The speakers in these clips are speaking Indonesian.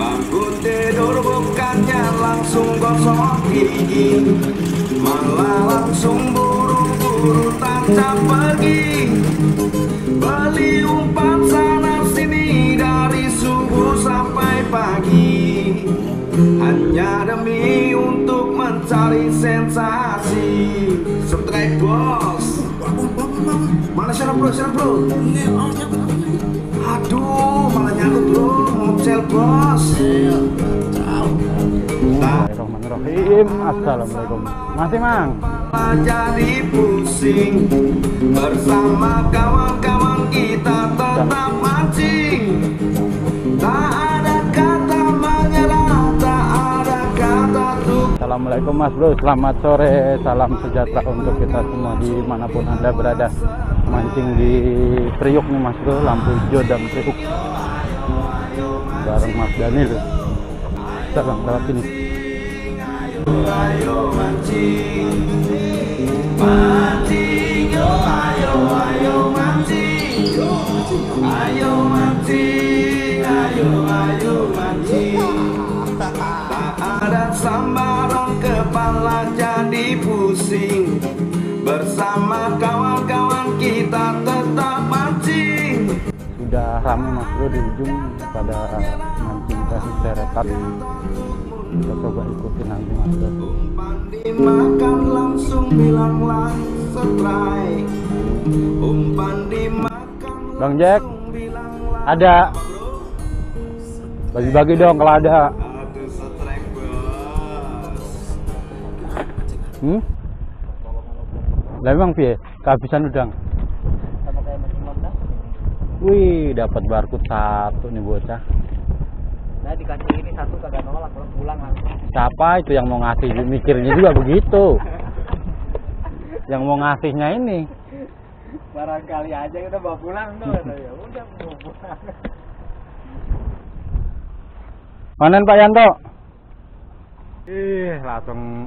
Bangku tidur bukannya langsung gosok gigi Malah langsung buru-buru tancap pergi Beli umpan sana sini dari subuh sampai pagi Hanya demi untuk mencari sensasi Aji Subscribe bos Mana bro, bro Aduh, malah nyangkut bro bos Bismillahirrahmanirrahim Assalamualaikum Masih mang Jadi pusing Bersama kawan-kawan kita tetap mancing Tak Assalamualaikum Mas Bro, selamat sore, salam sejahtera untuk kita semua dimanapun Anda berada Mancing di Priuk nih Mas Bro, lampu hijau dan Priuk Bareng Mas Daniel Kita akan lewat Ayo mancing, ayo, Ayo mancing, ayo, ayo bersama kawan-kawan kita tetap mancing sudah ramai mas bro di ujung pada mancing kasih seretan kita coba ikutin nanti mas bro Makan langsung bilanglah strike umpan dimakan Bang Jack ada bagi-bagi dong kalau ada hmm? Lah memang piye? Kehabisan udang. Sama kayak mesin Honda. Wih, dapat barcode satu nih bocah. Nah, dikasih ini satu kagak nolak, pulang pulang langsung. Siapa itu yang mau ngasih mikirnya juga begitu. yang mau ngasihnya ini. Barangkali aja kita bawa pulang tuh, ya udah mau pulang. Manen Pak Yanto? Ih, langsung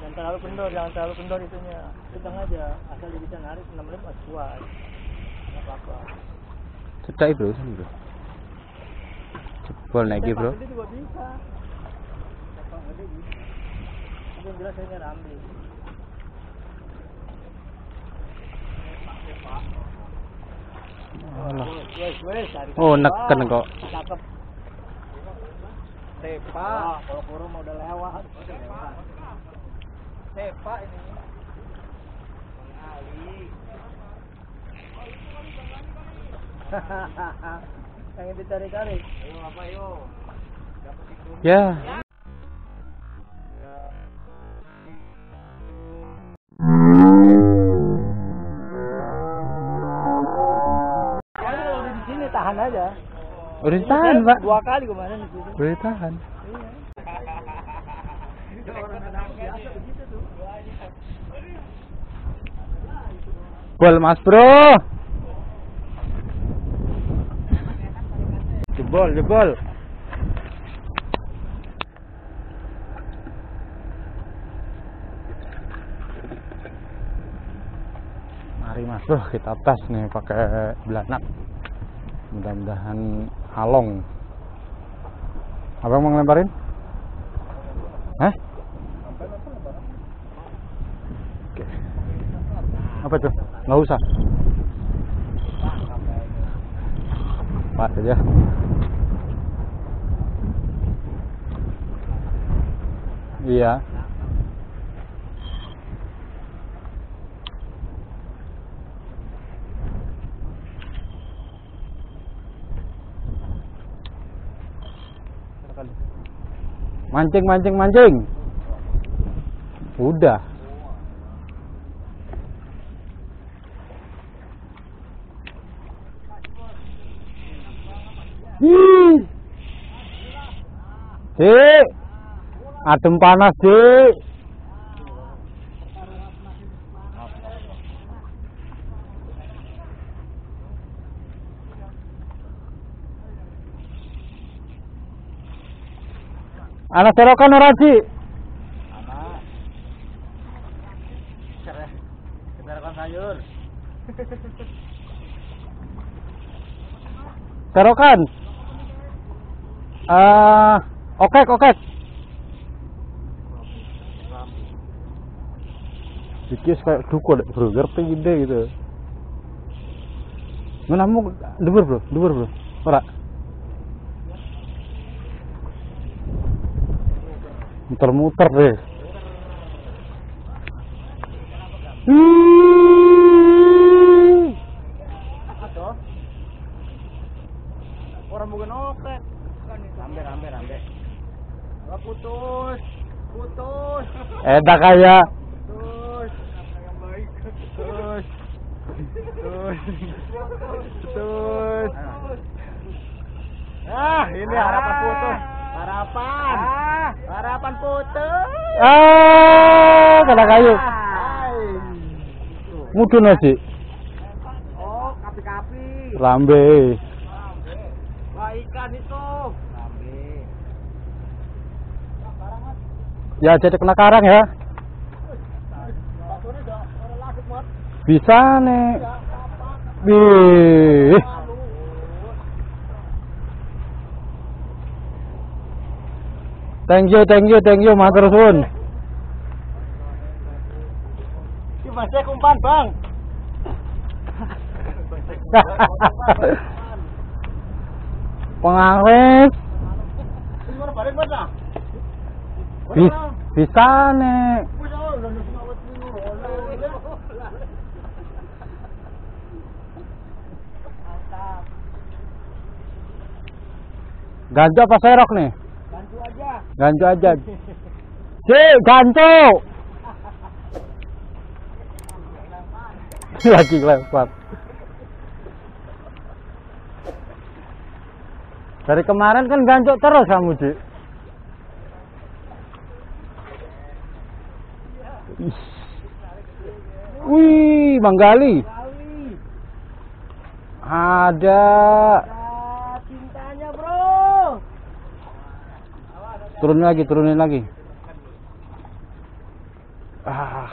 Jangan terlalu kendor, jangan terlalu kendor itunya. Sedang aja, asal bisa narik 6 menit masih kuat. Enggak apa-apa. Cetai bro, sini bro. Jebol bro. Oh, neken kok. Cakep. Tepa. Wah, kalau kurung udah lewat. Sepa. tepa. ini. Ali. Hahaha. Pengen dicari-cari. Ayo apa yo? Dapat Ya. Yeah. tahan aja. Udah ditahan, Pak. Dua kali kemarin itu. Udah ditahan. Gol Mas Bro. Jebol, jebol. Mari Mas Bro, kita tes nih pakai belanak. Mudah-mudahan Halong, abang mau ngelemparin? Hah? Oke. apa tuh? Gak usah pas aja iya Mancing, mancing, mancing. Udah. Ih. Dik. Adem panas, deh. Anak serokan orang sih. Anak. Serokan sayur. Serokan. Uh, okek okek. Sikis kayak duku, deh bro, ngerti gede gitu. Menamu dubur bro, dubur bro, ora. muter-muter deh orang bukan oket hampir hampir hampir putus putus enak kaya putus yang baik putus putus putus ah ini harapan putus ah. harapan ah. Harapan putus Ah, kena kayu. Mudun aja. Oh, kapi-kapi. Lambe. ikan itu. Lambe. Ya, jadi kena karang ya. Bisa nih. Wih. Thank you, thank you, thank you, matur suwun. Ki masih kumpan, Bang. Pengaris. Ah. Bis bisa nih. Ganja apa serok nih? Ganto aja. Si, ganto. Lagi lewat. Dari kemarin kan gantuk terus kamu, Cik. Wih, Bang Gali. Ada. Turunin lagi turunin lagi ah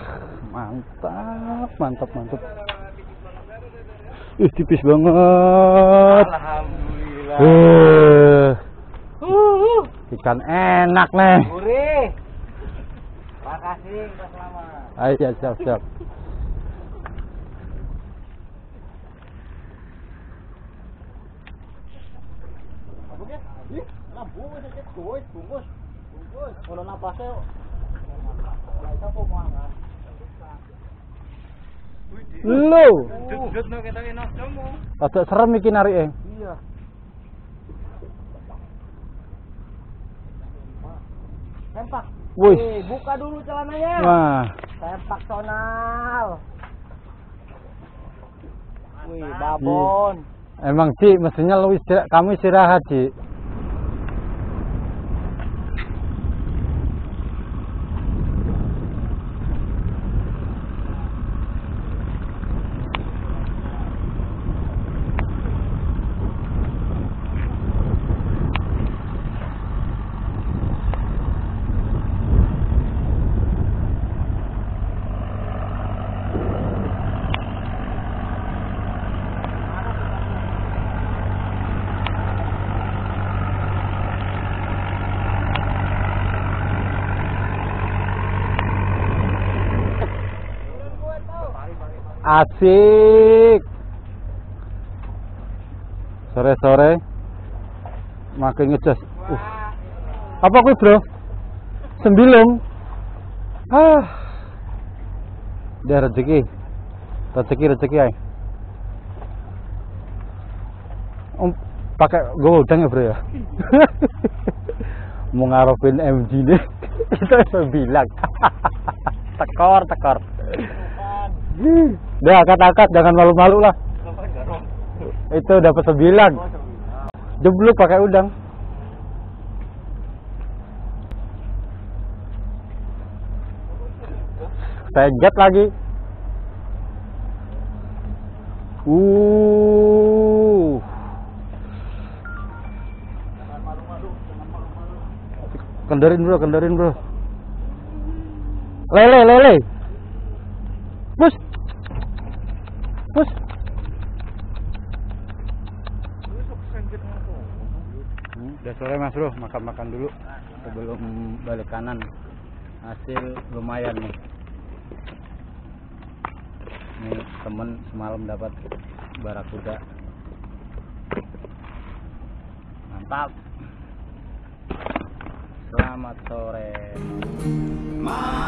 mantap mantap mantap ih tipis banget alhamdulillah uh. ikan enak nih makasih Mas Lama ayo siap siap lu, bungkus. Ada serem iki narike. Eh. Iya. tempak, eh, buka dulu celananya. Wah. Sempak sonal. Wih, iya. babon. Emang Ci, mestinya lu kamu istirahat, Ci. asik sore-sore makin ngecas uh. apa kuwi bro sembilung ah dia rezeki rezeki rezeki ay um, pakai gue udang ya bro ya mau ngarepin MG nih itu bilang tekor tekor Udah angkat-angkat jangan malu-malu lah. Itu dapat sembilan. Jeblok pakai udang. Sejet lagi. Uh. Kendarin bro, kendarin bro. Lele, lele. Bus. Terus Udah sore Mas Bro, makan-makan dulu sebelum balik kanan. Hasil lumayan nih. ini temen semalam dapat barakuda. Mantap. Selamat sore. Ma